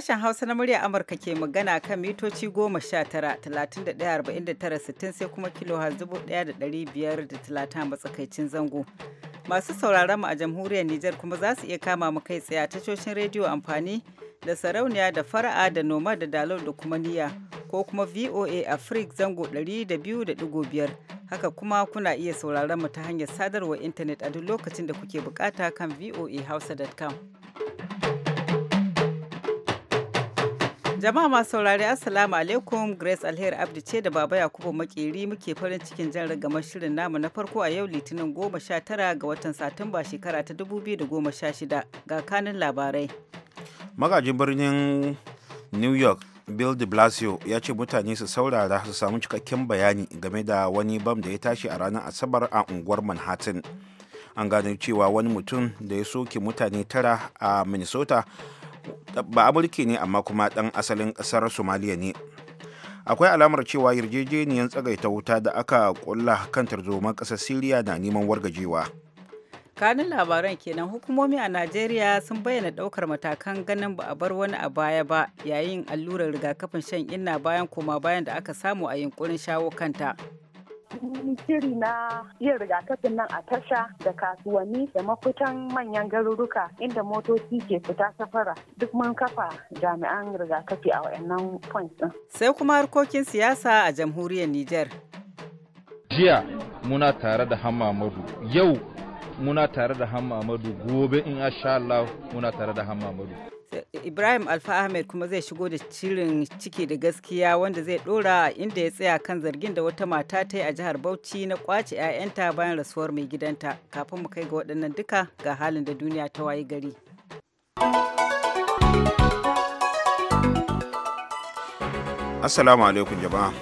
Sashen Hausa na murya Amurka ke magana kan mitoci goma sha tara, talatin sittin sai kuma kilo har zubu da matsakaicin zango. Masu sauraron mu a jamhuriyar Nijar kuma za su iya kama mu kai tsaye a tashoshin rediyo amfani da sarauniya da fara'a da noma da dalol da kuma niyya ko kuma VOA Africa zango 200.5 haka kuma kuna iya sauraron mu ta hanyar sadarwar intanet a duk lokacin da kuke bukata kan voahausa.com. Jama'a masu saurari Assalamu alaikum Grace Alheri Abdi ce da Baba Yakubu Makeri muke farin cikin jan ragamar shirin namu na farko a yau Litinin goma sha tara ga watan Satumba shekara ta 2016 ga kanin labarai. Magajin birnin New York Bill de Blasio ya ce mutane su saurara su samu cikakken bayani game da wani bam da ya tashi a ranar Asabar a unguwar Manhattan. An gano cewa wani mutum da ya soke mutane tara a Minnesota ba amurki ne amma kuma dan asalin kasar somaliya ne akwai alamar cewa yarjejeniyar tsagaita wuta da aka kulla kan tarzoman ƙasar siriya na neman wargajewa kanin labaran kenan hukumomi a najeriya sun bayyana daukar matakan ganin ba a bar wani a baya ba yayin allurar rigakafin shan inna bayan koma bayan da aka samu a yunkurin shawo kanta shiri na yin rigakafin nan a tasha da kasuwanni da mafitan manyan garuruka inda motoci ke fita safara duk mun kafa jami'an rigakafi a wayannan points din. Sai kuma harkokin siyasa a jamhuriyar Nijar. Jiya muna tare da Hamamadu yau muna tare da Hamamadu gobe in sha Allah muna tare da Hamamadu. Ibrahim Alfa Ahmed kuma zai shigo da cirin ciki da gaskiya wanda zai dora inda ya tsaya kan zargin da wata mata ta yi a jihar Bauchi na kwace 'ya'yanta bayan rasuwar mai gidanta. Kafin mu kai ga waɗannan duka ga halin da duniya ta wayi gari. Assalamu alaikum jama'a.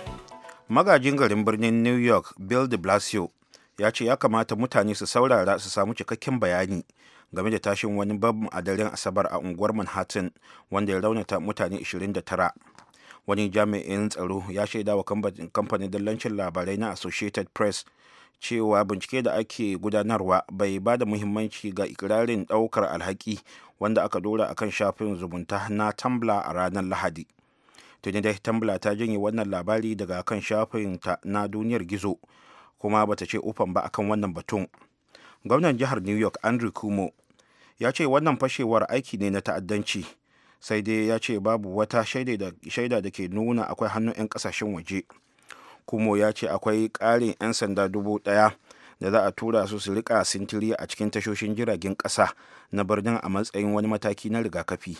Magajin garin birnin New York Bill de Blasio ya ce ya kamata mutane su saurara su samu cikakken bayani game da tashin wani babban a daren asabar a unguwar manhattan wanda ya raunata mutane 29 wani jami'in tsaro ya shaida wa kamfanin dallancin labarai na associated press cewa bincike da ake gudanarwa bai ba da muhimmanci ga ikirarin daukar alhaki wanda aka dora kan shafin zumunta na tambla a ranar lahadi tuni dai tambla ta janye wannan labari daga kan shafin ta na duniyar gizo kuma bata ce ufan ba akan wannan batun gwamnan jihar new york andrew kumo ya ce wannan fashewar aiki ne na ta'addanci sai dai ya ce babu wata shaida da ke nuna akwai hannun 'yan kasashen waje kuma ya ce akwai ƙarin 'yan sanda dubu ɗaya da za a tura su su rika sintiri a cikin tashoshin jiragen ƙasa na birnin a matsayin wani mataki na rigakafi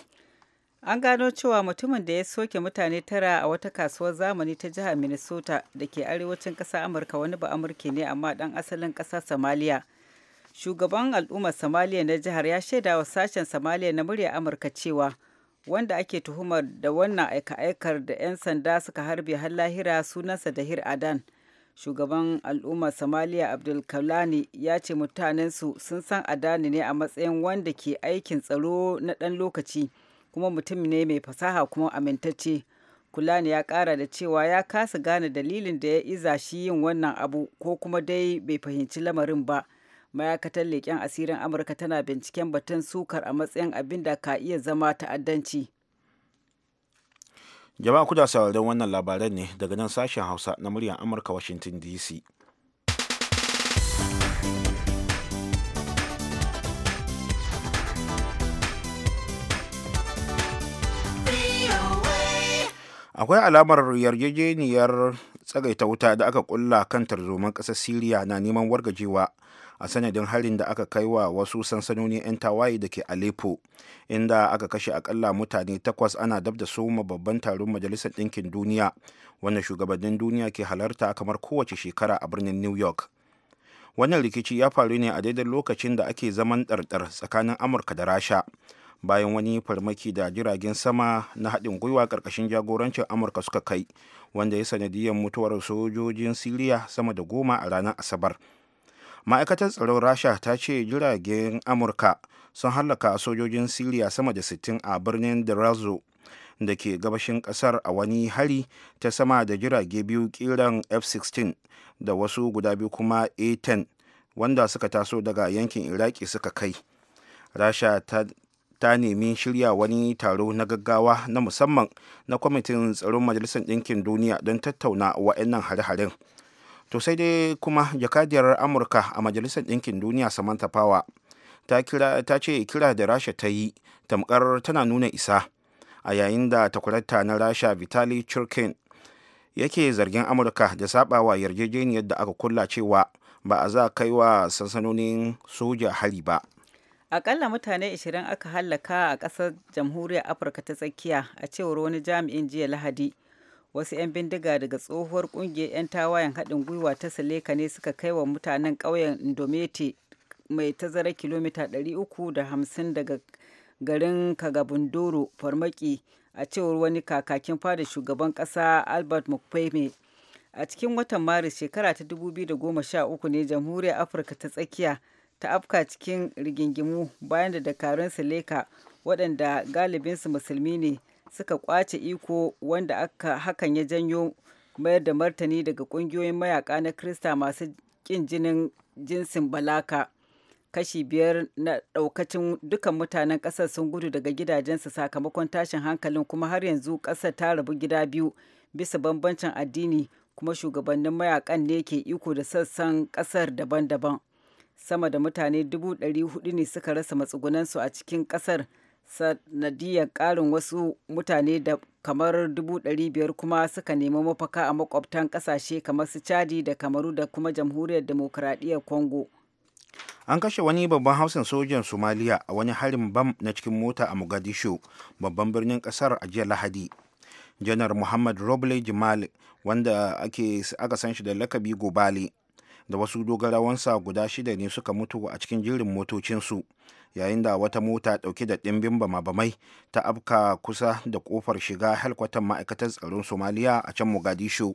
an gano cewa mutumin da ya soke mutane tara a wata kasuwar zamani ta jihar minnesota da ke arewacin ƙasa amurka wani ba amurke ne amma dan asalin ƙasar somalia shugaban al'ummar somaliya na jihar ya shaida wa sashen somaliya na murya amurka cewa wanda ake tuhumar da wannan aika-aikar da 'yan sanda suka harbe har lahira sunansa dahir adan shugaban al'ummar somaliya abdulkalani ya ce mutanensu sun san adani ne a matsayin wanda ke aikin tsaro na ɗan lokaci kuma mutum ne mai fasaha kuma amintacce kulani ya kara da cewa ya kasa gane dalilin da ya iza shi yin wannan abu ko kuma dai bai fahimci lamarin ba ma'aikatar leƙen asirin amurka tana binciken batun sukar a matsayin abin da ka iya zama ta'addanci jama'a kuda sauraron wannan labaran ne daga nan sashen hausa na muryar amurka washington dc akwai alamar yarjejeniyar tsagaita wuta da aka kulla kan tarzoman ƙasar siriya na neman wargajewa a sanadin harin da aka kai wa wasu sansanoni 'yan tawaye da ke aleppo inda aka kashe akalla mutane takwas ana dab da soma babban taron majalisar ɗinkin duniya wanda shugabannin duniya ke halarta kamar kowace shekara a birnin new york wannan rikici ya faru ne a daidai lokacin da ake zaman ɗarɗar tsakanin amurka da rasha bayan wani farmaki da jiragen sama na haɗin gwiwa ƙarƙashin jagorancin amurka suka kai wanda ya sanadiyar mutuwar sojojin siriya sama da goma a ranar asabar ma'aikatar tsaron rasha ta ce jiragen amurka sun hallaka sojojin siriya sama da 60 a birnin darazo da ke gabashin kasar a wani hari ta sama da jirage biyu kiran f-16 da wasu guda biyu kuma a-10 wanda suka taso daga yankin iraki suka kai rasha ta, ta nemi shirya wani taro na gaggawa na musamman na kwamitin tsaron majalisar ɗinkin duniya don tattauna wa'annan hare-haren hare hare haren to sai dai kuma jakadiyar amurka a majalisar ɗinkin duniya samantha power ta, kira, ce kira da rasha ta yi tamkar tana nuna isa a yayin da takwarata na rasha vitali churkin yake zargin amurka da sabawa yarjejeniyar da aka kulla cewa ba a za kai wa sansanonin soja hari ba akalla mutane 20 aka hallaka a ƙasar jamhuriyar afirka ta tsakiya a cewar wani jami'in jiya lahadi wasu 'yan bindiga daga tsohuwar kungiyar 'yan tawayen haɗin gwiwa ta saleka ne suka kai wa mutanen ƙauyen indomete mai tazara kilomita 350 daga garin kagabundoro farmaki a cewar wani kakakin fada shugaban ƙasa albert mukpeme a cikin watan maris shekara ta 2013 ne jamhuriyar afirka ta tsakiya ta afka cikin rigingimu bayan da dakarun saleka waɗanda galibinsu musulmi ne suka kwace iko wanda aka hakan ya janyo mayar da martani daga kungiyoyin mayaka na krista masu kin jinin jinsin balaka kashi biyar na daukacin dukan mutanen kasar sun gudu daga gidajensu sakamakon tashin hankalin kuma har yanzu kasar ta rabu gida biyu bisa bambancin addini kuma shugabannin mayakan ne ke iko da sassan kasar daban-daban sama da mutane dubu ɗari hudu ne suka rasa matsugunansu a cikin kasar sanadiyar ƙarin wasu mutane da kamar 500 kuma suka nemi mafaka a makwabtan ƙasashe kamar su chadi da kamaru da kuma jamhuriyar demokuraɗiyyar congo an kashe wani babban hausan sojan somaliya a wani harin bam na cikin mota a mogadishu babban birnin kasar a jiya lahadi janar muhammad roble jimal wanda ake aka san shi da lakabi gobali da wasu dogarawansa guda shida ne suka mutu a cikin jirin motocinsu yayin da wata mota dauke da dimbin bama-bamai ta afka kusa da kofar shiga helkwatan ma'aikatar tsaron somaliya a can mogadishu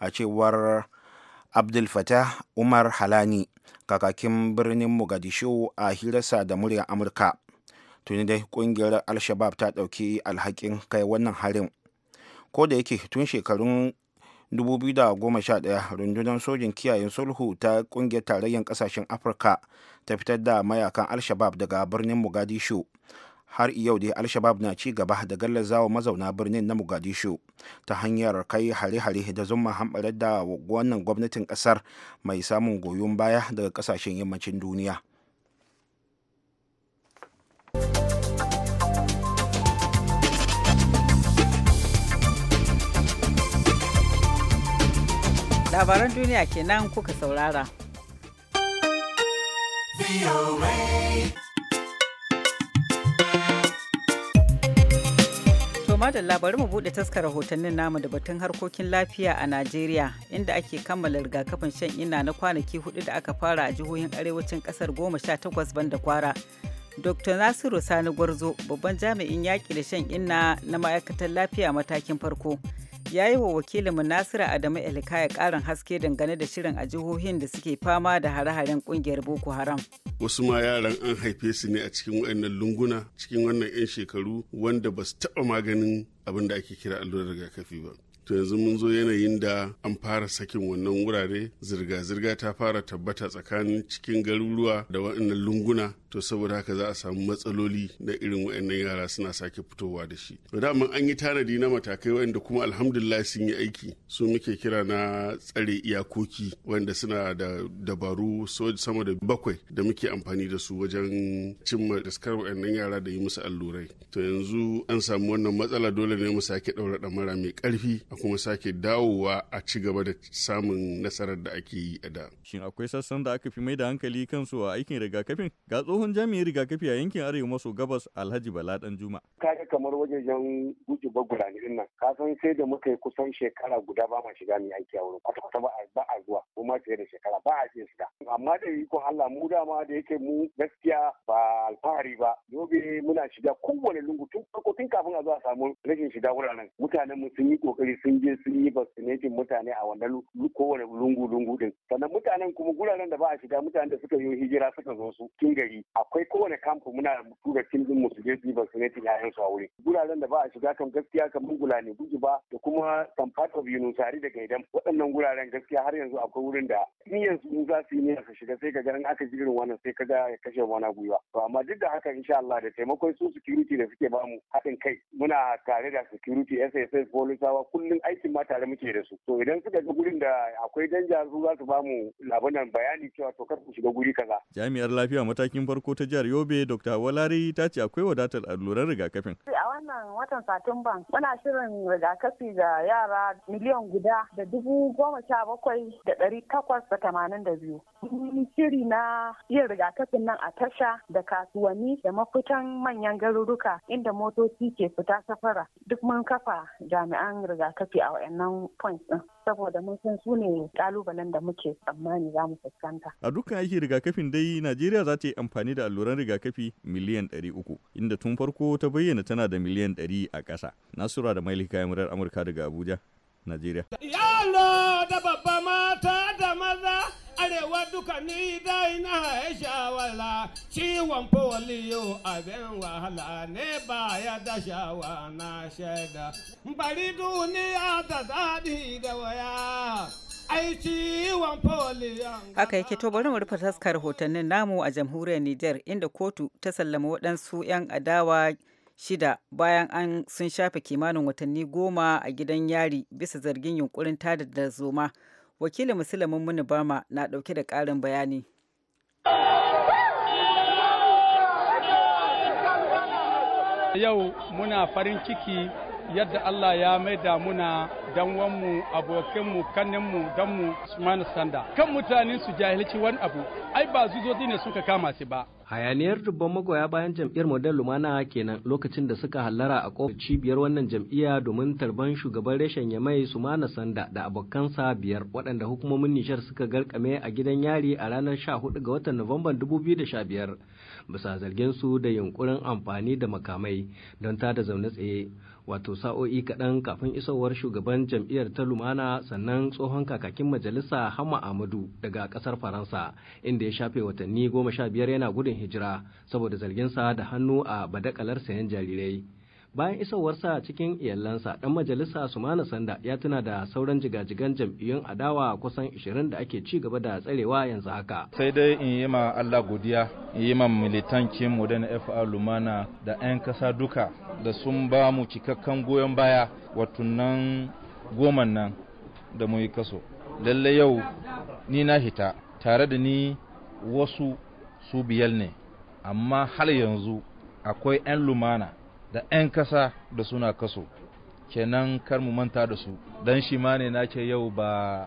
a cewar abdul fatah umar halani kakakin birnin mogadishu a hirarsa da muryar amurka tuni dai kungiyar al-shabab ta dauki alhakin kai wannan harin ko da yake tun shekarun 2011 rundunar sojin kiyayen sulhu ta kungiyar tarayyar kasashen afirka ta fitar da mayakan al-shabab daga birnin mogadishu har yau dai al-shabab na ci gaba da gallazawa mazauna birnin na mogadishu ta hanyar kai hare-hare da zuma hamɓarar da wannan gwamnatin ƙasar mai samun goyon baya daga ƙasashen yammacin duniya labaran duniya kenan kuka saurara da labarun mu buɗe taskar rahotannin namu da batun harkokin lafiya a Najeriya inda ake kammala rigakafin shan ina na kwanaki hudu da aka fara a jihohin arewacin kasar goma sha takwas banda kwara. Dr. Nasiru Sani Gwarzo babban jami'in yaƙi da shan inna na ma'aikatan lafiya matakin farko ya yi wa wakilinmu Nasiru Adamu Elkaya ƙarin haske dangane da shirin a jihohin da suke fama da hare-haren kungiyar Boko Haram. Wasu ma yaran an haife su ne a cikin waɗannan lunguna cikin wannan 'yan shekaru wanda ba su taɓa maganin abin da ake kira allurar rigakafi ba. to yanzu mun zo yanayin da an fara sakin wannan wurare zirga-zirga ta fara tabbata tsakanin cikin garuruwa da waɗannan lunguna to saboda haka za a samu matsaloli na irin waɗannan yara suna sake fitowa da shi to daman an yi tanadi na matakai waɗanda kuma alhamdulillah sun yi aiki su muke kira na tsare iyakoki waɗanda suna da dabaru sama da bakwai da muke amfani da su wajen cimma daskar waɗannan yara da yi musu allurai to yanzu an samu wannan matsala dole ne mu sake ɗaura ɗamara mai ƙarfi a kuma sake dawowa a ci gaba da samun nasarar da ake yi a da. Shin akwai sassan da aka fi mai da hankali kansu a aikin rigakafin? Ga tsohon jami'in rigakafi a yankin Arewa maso gabas Alhaji Bala Dan Juma. ga kamar wajejen guji bagulani nan, ka san sai da muka yi kusan shekara guda ba ma shiga mai aiki a wurin kwata-kwata ba a zuwa. Kuma ma da shekara ba a iya shiga amma da ko Allah mu dama da yake mu gaskiya ba alfahari ba yobe muna shiga kowane lungu tun farko tun kafin a zo a samu rashin shiga wuraren mutanen mu sun yi kokari sun je sun yi vaccinating mutane a wannan kowane lungu lungu din sannan mutanen kuma guraren da ba a shiga mutanen da suka yi hijira suka zo su gari akwai kowane kamfu muna tura tim mu su je su yi vaccinating yayan su a wuri guraren da ba a shiga kan gaskiya kamar gulani guji ba da kuma tamfata of yunusari da gaidan waɗannan guraren gaskiya har yanzu akwai wouldn't uh, niyan su za su yi niyan su shiga sai ka ga in aka ji wannan sai ka ga ya kashe wani gwiwa to amma duk da haka insha Allah da taimakon su security da suke bamu haɗin kai muna tare da security SSS polisawa kullum aikin ma tare muke da su to idan suka ga gurin da akwai danja su za su bamu labanan bayani cewa to kar ku shiga guri kaza jami'ar lafiya matakin farko ta jihar Yobe Dr. Walari ta ce akwai wadatar alluran rigakafin a wannan watan satumba muna shirin rigakafi ga yara miliyan guda da dubu goma sha bakwai da ɗari takwas da tamanin da biyu. shiri na yin rigakafin nan a tasha da kasuwanni da mafitan manyan garuruka inda motoci ke fita safara duk mun kafa jami'an rigakafi a wayannan points din saboda mun san su ne kalubalen da muke tsammani za mu fuskanta. A dukkan aiki rigakafin dai Najeriya za ta yi amfani da alluran rigakafi miliyan ɗari uku inda tun farko ta bayyana tana da miliyan ɗari a ƙasa. Nasura da Mailika Yamurar Amurka daga Abuja. Najeriya. Yalo da babba mata da maza arewa duka ni dai na wala ciwon foliyo abin wahala ne baya da shawa na shaida bari duniya ta daɗi da waya Haka yake to bari mu rufe taskar hotonnin namu a jamhuriyar Nijar inda kotu ta sallama waɗansu 'yan adawa shida bayan an sun shafe kimanin watanni goma a gidan yari bisa zargin yunkurin tada da zoma wakilin musulmin muni bama na ɗauke da ƙarin bayani yau muna farin ciki yadda Allah ya maida muna dan wanmu, abokinmu kanninmu danmu Usman Sanda kan mutane su jahilci wani abu ai ba zuzozi ne suka kama su ba hayaniyar dubban magoya bayan jam'iyyar model lumana kenan lokacin da suka hallara a kofar cibiyar wannan jam'iyya domin tarban shugaban reshen yamai sumana sanda da abokansa biyar waɗanda hukumomin nishar suka garkame a gidan yari a ranar 14 ga watan nuwamban 2015 bisa zargin su da yunkurin amfani da makamai don ta tada zaune tsaye wato sa'o'i kaɗan kafin isowar shugaban jam'iyyar ta lumana sannan tsohon kakakin majalisa hamma amadu daga ƙasar faransa inda ya shafe watanni goma sha biyar yana gudun hijira saboda zarginsa da hannu a badakalar sayan jarirai bayan isowarsa cikin iyalansa dan majalisa sumana sanda ya tuna da sauran jigajigan jam'iyyun adawa kusan 20 da ake ci gaba da tsarewa yanzu haka sai dai in yi ma allah godiya in yi ma militancin mu da na fa lumana da 'yan kasa duka da sun ba mu cikakken goyon baya watannan goman nan da mu yi kaso lalle yau ni na hita tare da ni wasu su biyar ne amma har yanzu akwai 'yan lumana da 'yan kasa da suna kaso kenan kar mu manta da su don shi ma ne na yau ba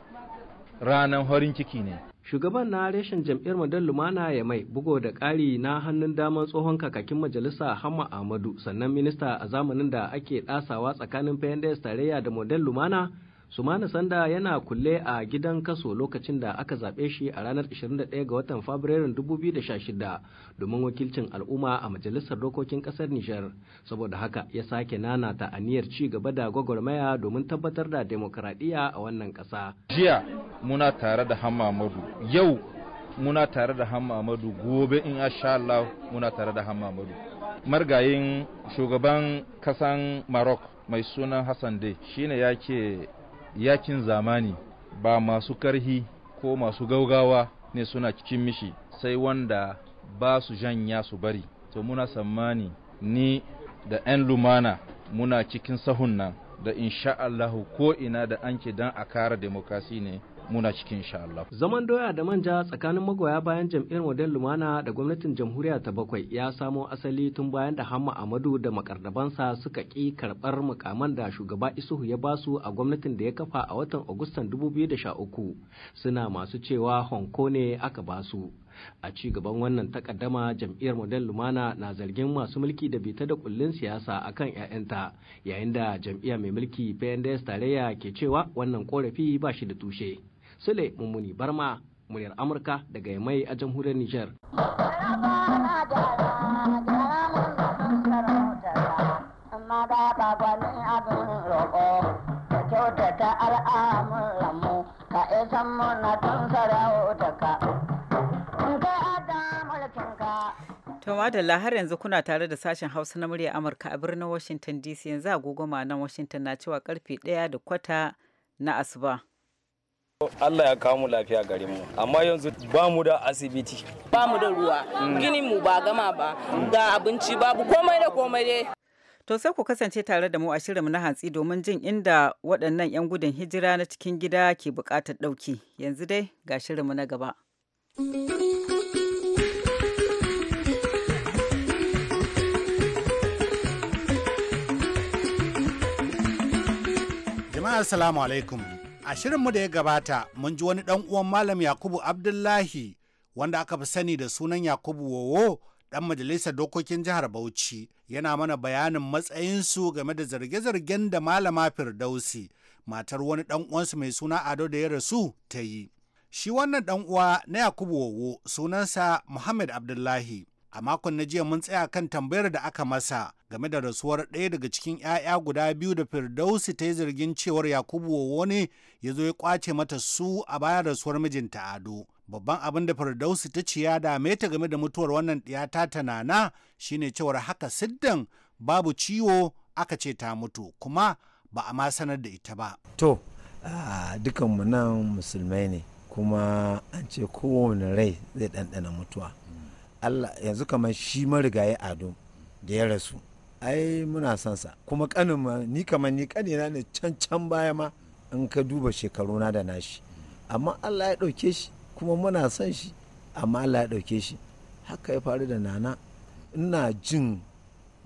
ranar horin ciki ne shugaban na reshen jam'iyyar madar lumana ya mai bugo da ƙari na hannun daman tsohon kakakin majalisa hama ahmadu sannan minista a zamanin da ake ɗasawa tsakanin pnds tarayya da model lumana Sumana Sanda yana kulle a gidan kaso lokacin da aka zaɓe shi a ranar 21 ga watan Fabrairun 2016 domin wakilcin al'umma a Majalisar Dokokin Ƙasar Nijar. Saboda haka ya sake nanata aniyar ci gaba da gwagwarmaya domin tabbatar da demokradiyya a wannan ƙasa. Jiya muna tare da yau muna tare da hamamadu gobe in sha Allah muna tare da hamamadu Margayin shugaban kasan Maroc mai sunan Hassan Day shine ya ke. yakin zamani ba masu karhi ko masu gaugawa ne suna cikin mishi sai wanda ba su janya su bari to muna tsammani ni da 'yan lumana muna cikin sahun nan da insha ko ina da anke dan a kara demokrasi ne muna cikin insha Allah. Zaman doya da manja tsakanin magoya bayan jam'iyyar Model Lumana da gwamnatin jamhuriya ta bakwai ya samo asali tun bayan da Hamma ahmadu da makardabansa suka ki karɓar mukaman da shugaba Isuhu ya basu a gwamnatin da ya kafa a watan Agustan 2013 suna masu cewa Honko ne aka basu. a ci gaban wannan takaddama jam'iyyar model lumana na zargin masu mulki da bita da kullun siyasa akan 'ya'yanta yayin da jam'iyya mai mulki pnds tarayya ke cewa wannan korafi ba shi da tushe Sule Mummuni Barma, muryar Amurka daga Yamai a jamhuriyar Nijar. Amma da kyautata madalla har yanzu kuna tare da sashen Hausa na murya Amurka a birnin Washington DC yanzu goma nan Washington na cewa karfe ɗaya da kwata na asuba Allah ya kawo mu lafiya gare mu amma yanzu ba mu da asibiti ba mu da ruwa mm. ginin mu ba gama ba ga abinci babu komai da komai dai To sai ku kasance tare da mu a shirinmu na hantsi domin jin inda waɗannan 'yan gudun hijira na cikin gida ke buƙatar ɗauki. Yanzu dai ga shirinmu na gaba. Jama'a Assalamu alaikum. A shirinmu da ya gabata mun ji wani ɗan uwan Malam Yakubu Abdullahi wanda aka fi sani da sunan Yakubu Wowo ɗan majalisar dokokin jihar Bauchi yana mana bayanin matsayinsu game da zarge-zargen da Malama Firdausi matar wani ɗan uwansu mai suna Ado da ya rasu ta yi. Shi wannan ɗan uwa na Yakubu Wowo sunansa Muhammad Abdullahi. a makon na jiya mun tsaya kan tambayar da aka masa game da rasuwar ɗaya daga cikin 'ya'ya guda biyu da firdausi ta yi zargin cewar yakubu wani ya zo ya kwace mata su a bayan rasuwar mijinta ado babban abin da firdausi ta ciya ya dame ta game da mutuwar wannan ɗiya ta nana shine cewar haka siddan babu ciwo aka ce ta mutu kuma ba a ma sanar da ita ba to dukanmu nan musulmai ne kuma an ce kowane rai zai ɗanɗana mutuwa Allah yanzu kamar shi marigayi ado da ya rasu ai muna son sa kuma kanin ma ni kamar ni na ne can can baya ma in ka duba shekaru na da nashi amma Allah ya dauke shi kuma muna son shi amma Allah ya dauke shi haka ya faru da nana ina jin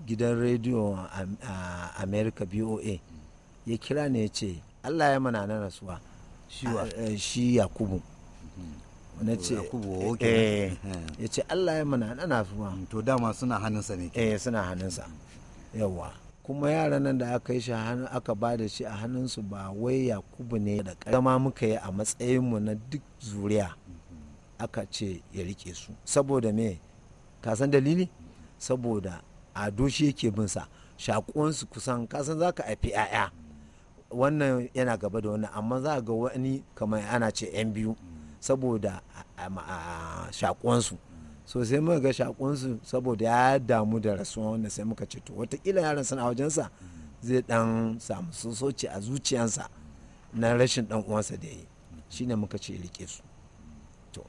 gidan rediyo a america boa ya kira ne ya ce Allah ya mana na rasuwa shi eh, yakubu mhm. na ce eh, eh. ya ce Allah ya mana dana zuwa to dama suna hannunsa ne ke eh, suna hannunsa yawa kuma yaran nan da aka yi shi aka ba da shi a hannunsu ba wai yakubu ne da zama muka yi a matsayinmu na duk zuriya aka ce ya rike su saboda me ka dalili saboda a doshi yake bin sa shakuwansu kusan kasan za ka haifi 'ya'ya wannan yana gaba da wannan amma za a ga wani kamar ana ce 'yan biyu saboda shakonsu so sai muka ga shakonsu saboda ya damu da rasuwa wanda sai muka ce to watakila yaran suna wajensa zai dan samu sosoci a zuciyansa na rashin dan uwansa da yi shine muka ce rike su to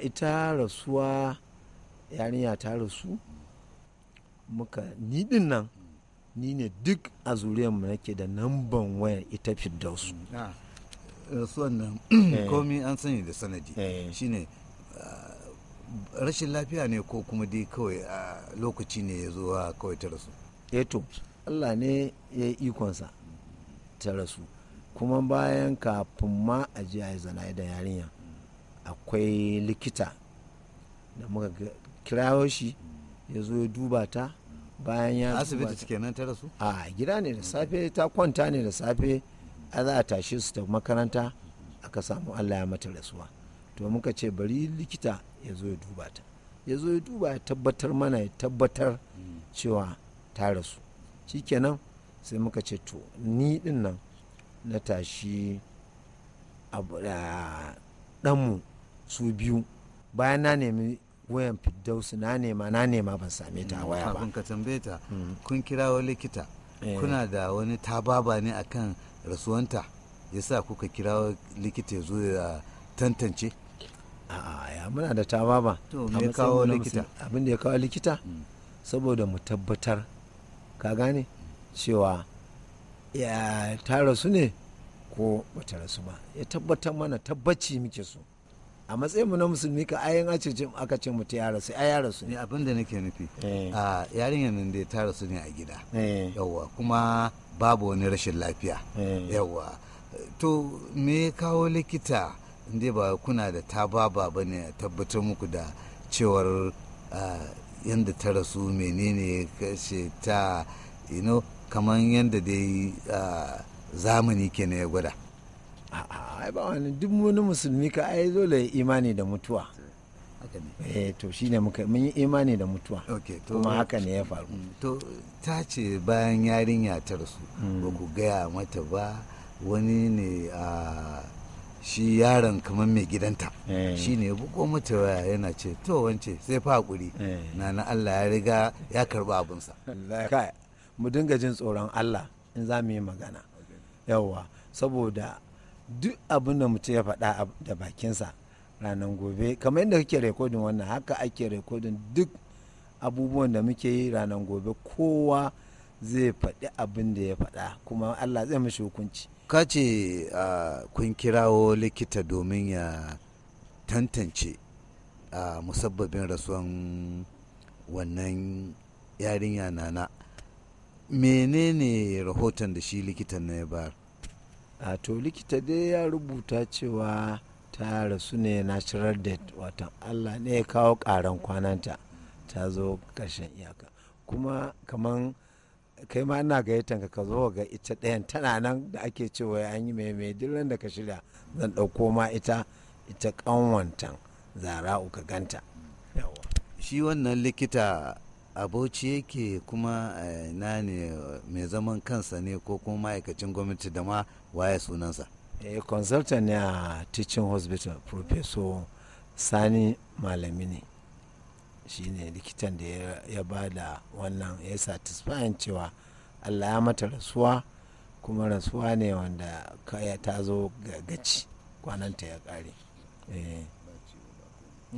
ita rasuwa yarinya ta rasu muka ni din nan ni ne duk a zuriyarmu nake da namban wayar ita fiddausu ah. rasuwan nan eh. komi an sani da sanadi eh. shine ah, rashin lafiya ne ko kuma dai kawai a ah, lokaci ne ya zo kawai ta rasu eto eh allah ne ya yi ikonsa ta rasu kuma bayan kafin ma a ji a zana da yarinya akwai likita da muka kirawo shi ya zo ya duba ta bayan ya asibiti kenan ta rasu a gida ne da safe ta kwanta ne da safe a za a tashe su ta makaranta aka samu allah ya mata rasuwa to muka ce bari likita ya zo ya duba ta ya zo ya duba ya tabbatar mana ya tabbatar cewa ta rasu shikenan sai muka ce to ni din nan na tashi ɗanmu su biyu bayan na nemi wayan fiddausu na nema na nema ban same ta waya ba hmm. Kun kira wa likita eh. kuna da wani tababa ne akan rasuwanta ya sa kuka kira likita ya zo ya tantance a'a ya muna da ta baba abin da ya kawo likita mm. saboda mu tabbatar ka gane cewa ya ta rasu ne ko bata rasu ba ya tabbatar mana tabbaci muke so a matsayinmu na musulmi ka ayin aka ce mutu ya rasu a ya rasu ne eh, abin da nake nufi eh. a yarinyar nan da ta rasu ne a gida eh. yawwa kuma babu wani rashin lafiya yawwa to me kawo likita inda ba kuna da tababa ba ne tabbatar muku da cewar yadda ta rasu menene kashe ta you know kamar yadda dai zamani ke ya gwada ai ba wani duk wani musulmi ka ai dole imani da mutuwa eh to shine muka mun yi imani da mutuwa kuma haka ne ya faru mm, to ta ce bayan yarinya ta rasu mm. ba ku gaya mata ba wani ne a shi yaron kamar mai gidanta eh. shi ne buko mata yana ce to wance sai fa hakuri eh. na na Allah ya riga ya karba abinsa mu dinga jin tsoron Allah in za mu yi magana yawwa saboda duk abin da mutum ya faɗa da bakinsa ranar gobe kamar yadda kake rekodin wannan haka ake rekodin duk abubuwan da muke yi ranar gobe kowa zai faɗi abin da ya faɗa kuma allah zai mashi hukunci ka ce kun kirawo likita domin ya tantance a musabbabin rasuwan wannan yarinya nana menene rahoton da shi likitan na ya bayar a to likita dai ya rubuta cewa ta rasu ne natural death watan allah ne ya kawo karan kwananta ta zo ƙarshen iyaka kuma kaman kai ma ina gayyatanka ka zo ga ita ɗayan tana nan da ake cewa an yi mai mai duk ka shirya zan ɗauko ma ita ita ƙanwantan zara uka ganta shi wannan likita abauci yake kuma eh, na ne eh, mai zaman kansa ne ko kuma ma'aikacin gwamnati da ma waye sunansa eh consultant ne a teaching hospital professor sani malami ne shine likitan da ya ba da wannan ya satisfying cewa allah ya mata rasuwa kuma rasuwa ne wanda kaya ta zo gaci kwananta ya kare eh.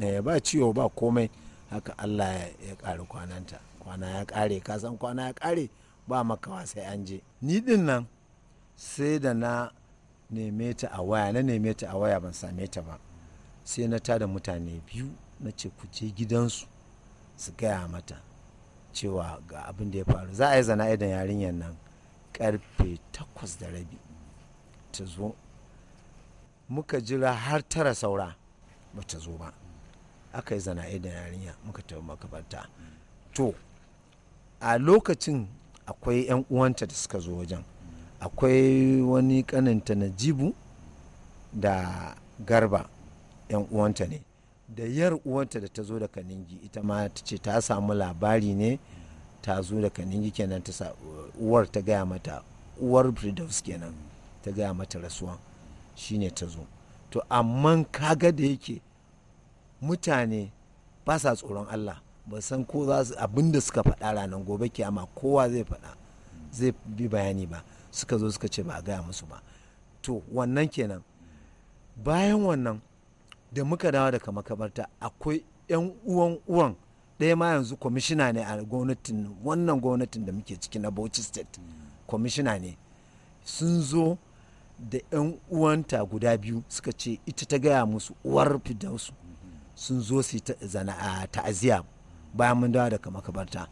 eh ba ciwo ba komai haka allah ya kare kwananta kwana ya kare kasan kwana ya kare ba makawa sai an je ni din nan sai da na neme ta a waya na neme ta a waya ban same ta ba sai na tada mutane biyu na ce ku je gidansu su gaya mata cewa ga abin da ya faru za a yi zana idan yarinyar nan karfe takwas da rabi ta zo muka jira har tara saura ba ta zo ba aka yi zana idan yarinya muka tafi makabarta to a lokacin akwai 'yan uwanta da suka zo wajen akwai wani kaninta na da garba yan uwanta ne da yar uwanta da ta zo da kaningi ita ma ta ce ta samu labari ne ta zo da kaningi kenan ta uwar ta gaya mata uwar Bridows kenan ta gaya mata rasuwa shine ta zo to amma kaga da yake mutane ba sa tsoron Allah ba san ko za su abinda suka faɗa ranar gobe kiyama kowa zai faɗa zai bi bayani ba suka zo suka ce ba a gaya musu ba to wannan kenan bayan wannan da muka dawo daga makabarta akwai 'yan uwan uwan ɗaya ma yanzu kwamishina ne a gwamnatin wannan gwamnatin da muke ciki na bauchi state kwamishina ne sun zo da 'yan uwanta guda biyu suka ce ita ta gaya musu uwar fidausu sun zo su zana ta'aziya bayan mun dawo daga makabarta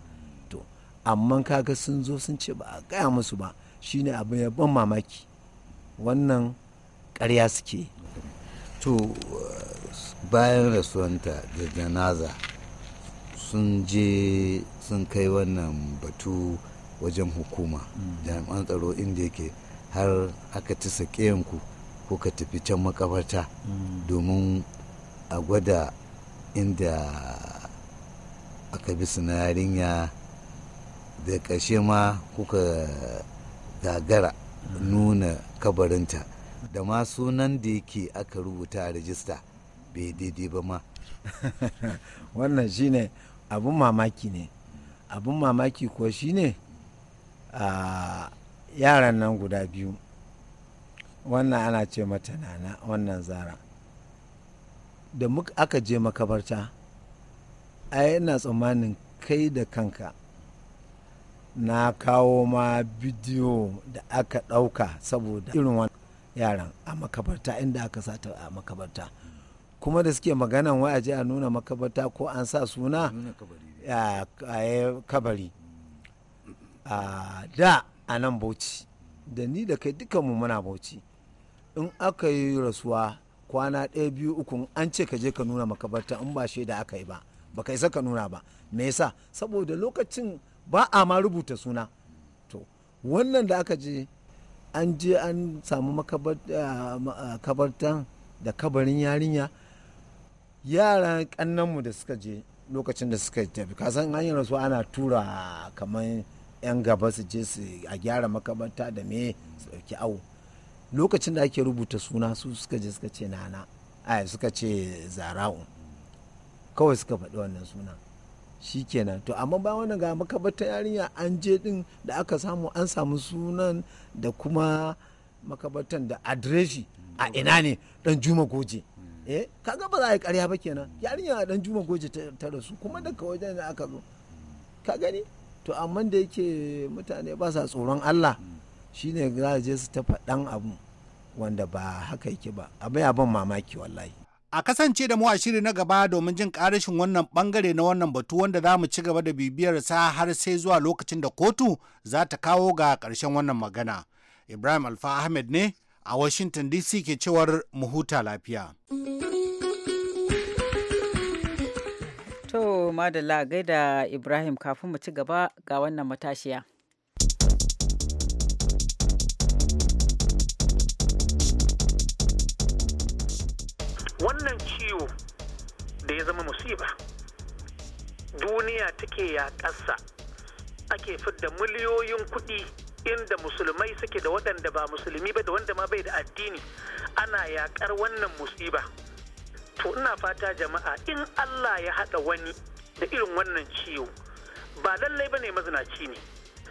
to amma kaga sun zo sun ce ba a gaya musu ba shine abu ya ban mamaki wannan karya suke to bayan rasuwanta da janaza sun je sun kai wannan batu wajen hukuma jami'an tsaro inda yake har aka ci yanku ko ka tafi can makabarta domin a gwada inda aka bi yarinya da ƙarshe ma kuka gagara nuna kabarinta da ma sunan da yake aka rubuta a rajista bai daidai ba ma wannan shine abun mamaki ne abun mamaki ko shine a yaran nan guda biyu wannan ana ce mata nana wannan zara da aka je makabarta a yana tsammanin kai da kanka na kawo ma bidiyo da aka ɗauka saboda irin wani yaran a makabarta inda aka sata a makabarta kuma da suke maganan wa'aje a nuna makabarta ko an sa suna a kabari a da a nan bauchi da ni da kai dukkanmu muna bauchi in aka yi rasuwa kwana ɗaya biyu uku an ce ka je ka nuna makabarta in ba shaida aka yi ba ba ka isa ka nuna ba me yasa saboda lokacin ba a ma rubuta suna to wannan da aka je an je an samu makabartan eh, eh, da kabarin yarinya yara kannanmu da suka je lokacin da suka tafi kasan hanyar rasu ana tura kamar 'yan gaba su je su a gyara makabarta da me su ɗauki awo lokacin da ake rubuta suna su suka je suka ce nana a eh, suka ce zara'u kawai suka faɗi wannan sunan. shikenan to amma ba wani ga makabarta yarinya an je din da aka samu an samu sunan da kuma makabatan da adireshi a ina ne dan juma goje hmm. eh kaga ba za a yi karya ba kenan hmm. yarinya a dan juma goje ta rasu kuma daga wajen da aka zo hmm. ka gani to amma da yake mutane ba sa tsoron Allah shine za je su ta faɗan abu wanda ba haka yake ba abin ban mamaki wallahi A kasance da mu a shiri na gaba domin jin karashin wannan bangare na wannan batu wanda za mu ci gaba da bibiyar sa har sai zuwa lokacin da kotu za ta kawo ga karshen wannan magana. Ibrahim Alfa Ahmed ne a Washington DC ke cewar muhuta lafiya. To, Madalla gaida Ibrahim kafin mu ci gaba ga wannan matashiya. wannan ciwo da ya zama musiba duniya take yaƙarsa ake fidda miliyoyin kuɗi inda musulmai suke da waɗanda ba musulmi ba da wanda ma bai da addini ana yaƙar wannan musiba to ina fata jama'a in allah ya haɗa wani da irin wannan ciwo ba lallai ba ne mazinaci ne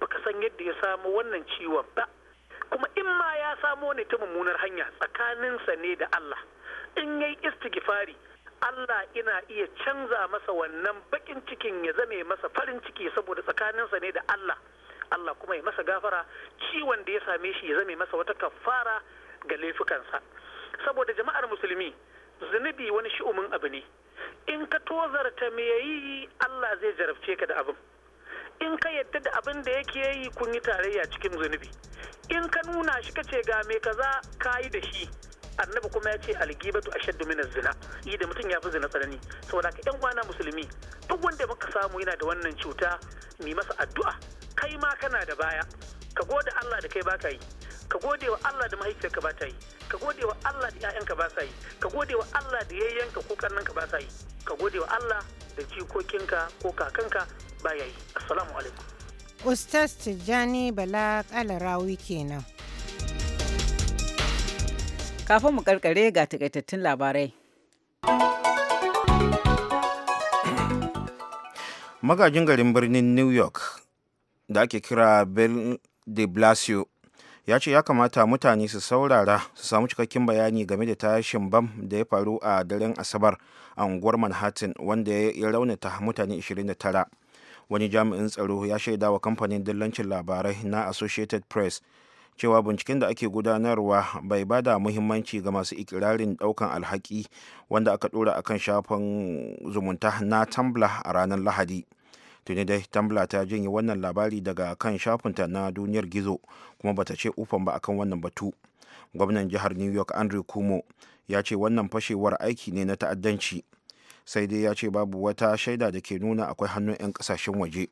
baka san yadda ya samu wannan ciwon ba kuma in ma ya samo ne ta mummunar hanya tsakaninsa ne da Allah in yayi istighfari Allah ina iya canza masa wannan bakin cikin ya zame masa farin ciki saboda tsakaninsa ne da Allah Allah kuma ya masa gafara ciwon da ya same shi ya zame masa wata kafara ga laifukansa saboda jama'ar musulmi zunubi wani shi'umin abu ne in ka tozarta me yayi Allah zai jarabce ka da abin in ka yadda da abin da yake yi kun yi tarayya cikin zunubi in ka nuna shi ka ce ga me kaza ka yi da shi annabi kuma ya ce algibatu ashaddu min zina yi da mutum ya fi zina tsanani saboda ka yan kwana musulmi duk wanda muka samu yana da wannan cuta mi masa addu'a kai ma kana da baya ka gode Allah da kai baka yi ka gode wa Allah da mahaifiyarka ba ta yi ka gode wa Allah da 'ya'yanka ba sa yi ka gode wa Allah da yayyanka ko kannanka ba sa yi ka gode wa Allah da jikokinka ko kakanka baya ustaz tijjani bala kalarawi kenan kafin mu karkare ga takaitattun labarai magajin garin birnin new york da ake kira bill de blasio ya ce ya kamata mutane su saurara su samu cikakken bayani game da tashin bam da ya faru a daren asabar a unguwar manhattan wanda ya raunata mutane 29 wani jami'in tsaro ya shaida wa kamfanin dillancin labarai na associated press cewa binciken da ake gudanarwa bai bada muhimmanci ga masu ikirarin daukan alhaki wanda aka dora akan shafin zumunta na tambla a ranar lahadi tuni dai tambla ta janye wannan labari daga kan shafinta na duniyar gizo kuma bata ce ufan ba akan wannan batu gwamnan jihar new york andrew kumo ya ce wannan fashewar aiki ne na ta'addanci sai dai ya ce babu wata shaida da ke nuna akwai hannun 'yan kasashen waje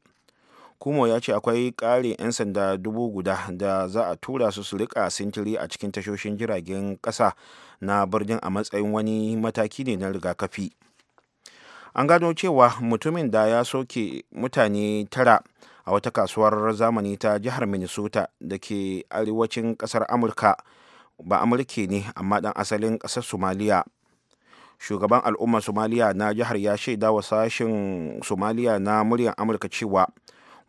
kuma ya ce akwai ƙarin 'yan sanda dubu guda da za a tura su su rika sintiri a cikin tashoshin jiragen ƙasa na birnin a matsayin wani mataki ne na rigakafi an gano cewa mutumin da ya soke mutane tara a wata kasuwar zamani ta jihar minnesota da ke arewacin ƙasar amurka ba amurke ne amma dan asalin ƙasar somaliya shugaban al'ummar somaliya na jihar ya shaida wa sashen somaliya na muryar amurka cewa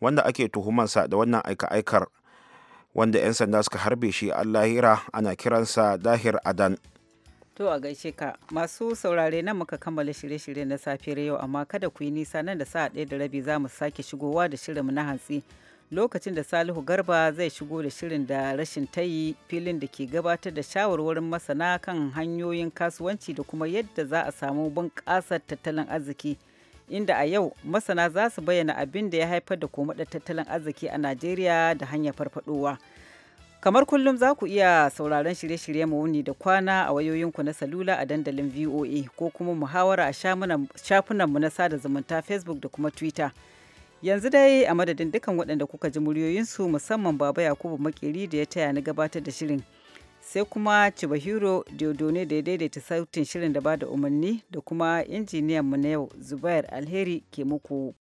wanda ake tuhumansa da wannan aika-aikar wanda 'yan sanda suka harbe shi a lahira ana kiransa dahir adan To a gaishe ka masu saurare nan muka kammala shirye-shirye na safiyar yau amma kada ku yi nisa nan da sa'a ɗaya da rabi za mu sake shigowa da shirinmu na hantsi. lokacin da Salihu Garba zai shigo da shirin da rashin tayi filin da ke gabatar da shawarwarin masana kan hanyoyin kasuwanci da kuma yadda za a samu bunƙasar tattalin arziki. Inda a yau masana za su bayyana abin da ya haifar da komaɗar tattalin arziki a Najeriya da hanyar farfadowa. Kamar kullum za ku iya sauraron shirye-shirye wuni da kwana a wayoyinku na salula a dandalin VOA ko kuma muhawara a shafunanmu na sada zumunta Facebook da kuma Twitter. yanzu dai a madadin dukan waɗanda kuka ji muryoyinsu musamman baba yakubu makeri da ya taya ni gabatar da shirin sai kuma cibahiro diodone da ya daidaita sautin shirin da ba da umarni da kuma injiniyan mu na yau zubair alheri ke muku